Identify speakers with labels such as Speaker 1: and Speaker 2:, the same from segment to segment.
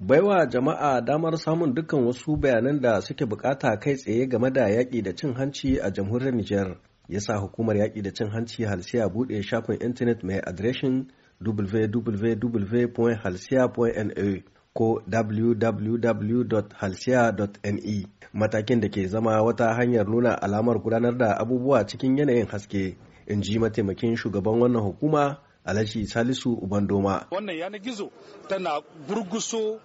Speaker 1: baiwa jama'a damar samun dukkan wasu bayanan da suke bukata kai tsaye game da yaƙi da cin hanci a jamhuriyar Nijar ya sa hukumar yaƙi da cin hanci halsiya buɗe shafin intanet mai adireshin www.halsiya.na ko www.halsiya.ne matakin da ke zama wata hanyar nuna alamar gudanar da abubuwa cikin yanayin haske in ji mataimakin shugaban wannan hukuma Alhaji Salisu Ubandoma. Wannan yanar gizo tana gurguso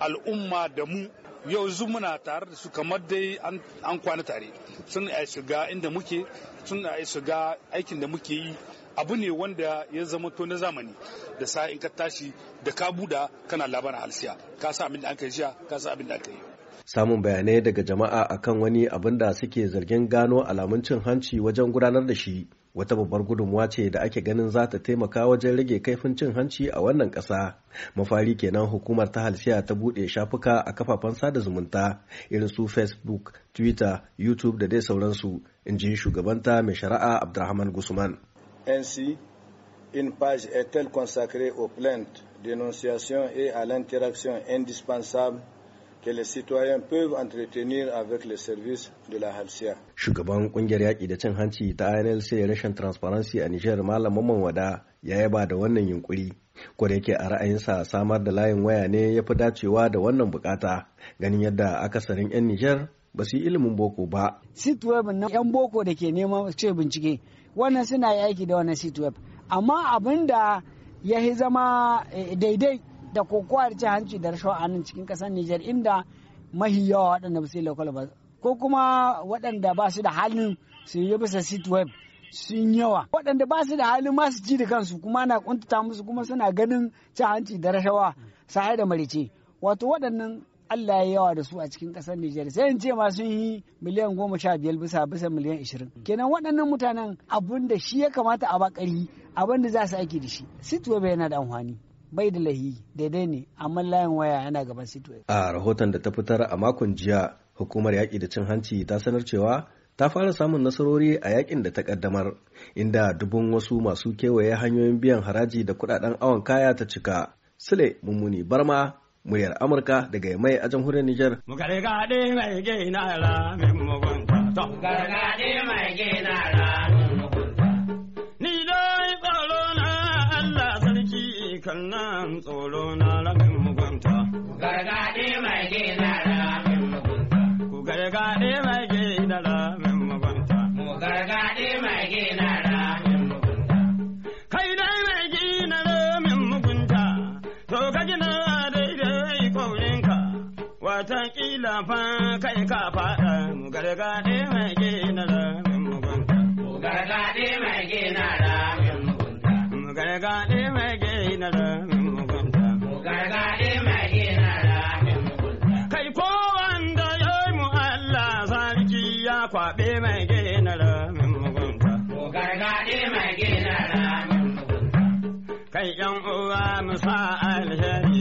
Speaker 1: al'umma da mu yau zu muna tare da su kamar dai an kwana tare sun a shiga inda muke sun a shiga aikin da muke yi abu ne wanda ya zama to na zamani da sa in ka tashi da ka buda kana labarin halsiya ka sa abin da aka yi ka sa abin da aka yi samun bayanai daga jama'a akan wani abin da suke zargin gano alamun cin hanci wajen gudanar da shi wata babbar gudunmuwa ce da ake ganin za ta taimaka wajen rage kaifin cin hanci a wannan ƙasa mafari kenan hukumar ta halsiya ta buɗe shafuka a kafafen sada zumunta irin su facebook twitter youtube da dai sauransu in ji shugabanta mai shari'a abdurrahman gusman nc In page est-elle consacrée au plaintes dénonciations et à l'interaction indispensable que les citoyens peuvent entretenir avec les services de la Halsia. Shugaban kungiyar yaƙi da cin hanci ta INLC rashin transparency a Nijar Malam Mamman Wada ya yaba da wannan yunkuri. Ko da yake a ra'ayinsa samar da layin waya ne ya fi dacewa da wannan bukata ganin yadda akasarin 'yan niger ba su yi ilimin boko ba. Sitweb na 'yan boko da ke neman ce bincike wannan suna yaki da wannan sitweb amma abin da ya zama eh, daidai da kokowar ci hanci da rashawa a nan cikin kasar Nijar inda mahi yawa waɗanda ba su yi lokal ba ko kuma waɗanda ba su da halin su yi bisa sit web sun yawa waɗanda ba su da halin ma su ci da kansu kuma na kuntata musu kuma suna ganin ci hanci da rashawa sahi da marice wato waɗannan Allah ya yawa da su a cikin kasar Nijar sai in ce ma sun yi miliyan goma sha biyar bisa bisa miliyan ishirin kenan waɗannan mutanen abun da shi ya kamata a bakari abin da za su aiki da shi sit web yana da amfani bai da lahi daidai ne amma layin waya yana gaban citway a rahoton da ta fitar a makon jiya hukumar yaƙi da cin hanci ta sanar cewa ta fara samun nasarori a yakin da ta kaddamar inda dubun wasu masu kewaye hanyoyin biyan haraji da kudaden awon kaya ta cika sule mummuni barma muryar amurka daga mai a jamhuriyar niger
Speaker 2: mai gina mai gina rabin mugunta. Gargaɗe mai gina rabin mugunta. Ku gargaɗe mai gina rabin mugunta. Mu gargaɗe mai gina rabin mugunta. Kai dai mai gina rabin mugunta, to ka gina daidai kaurinka, watakila fa kai ka faɗa mu gargaɗe mai gina rabin mugunta. Mu gargaɗe mai gina rabin mugunta. Mu gargaɗe mai gina mugunta. kwaɓe mai gina ramin mugunta. Ko gargaɗe mai gina ramin mugunta. Kai yan uwa mu sa alheri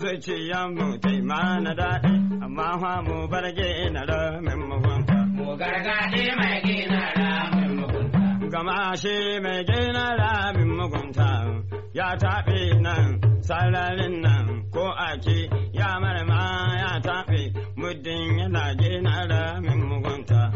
Speaker 2: zuciyar mu taima na daɗi amma fa mu bar gina ramin mugunta. Ko gargaɗe mai gina ramin mugunta. Gama shi mai gina ramin mugunta ya taɓe nan sararin nan ko ake ya marma ya taɓe muddin yana gina ramin mugunta.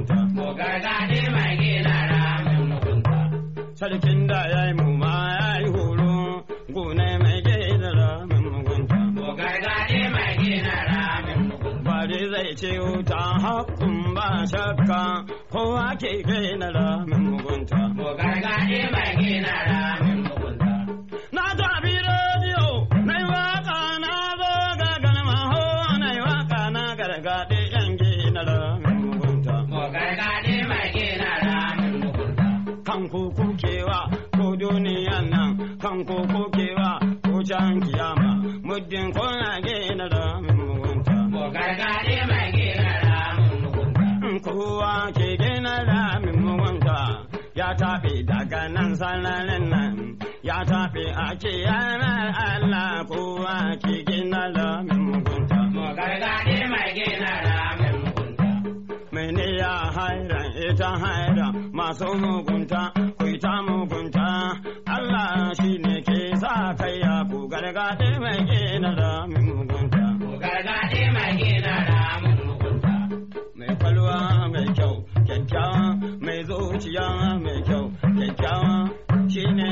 Speaker 2: mugunta. Gogar gadi mai gina ra, ramin mugunta. Sarkin da ya yi muma ya yi horo gune mai gina ra, ramin mugunta. Gogar gadi mai gina ra, ramin mugunta. Bari zai ce wuta hakkun ba shakka kowa ke gina ra, ramin mugunta. Gogar gadi mai gina ramin ku kewa ko duniyan nan kan ku kukewa ko can kiyama muddin kuna gina ramin mugunta. Ko gargaɗe mai gina ramin mugunta. Kowa ke da ramin mugunta ya tafi daga nan sananin nan ya tafi a kiyanar Allah kowa ke gina ramin mugunta. Ko gargaɗe mai gina ramin mugunta. Mene ya haira ita haira masu mugunta ku ta mugunta Allah shi ne ke sa kai ya ku gargaɗe mai gina da mugunta. Ku gargaɗe mai gina da mugunta. Mai kwalwa mai kyau kyakkyawa mai zuciya mai kyau kyakkyawa shi ne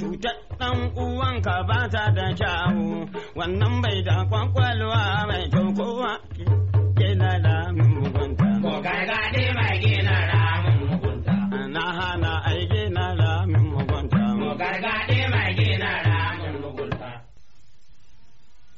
Speaker 2: cutar ɗan ka ba ta da kyawu, wannan bai da kwakwalwa mai kyau kowa.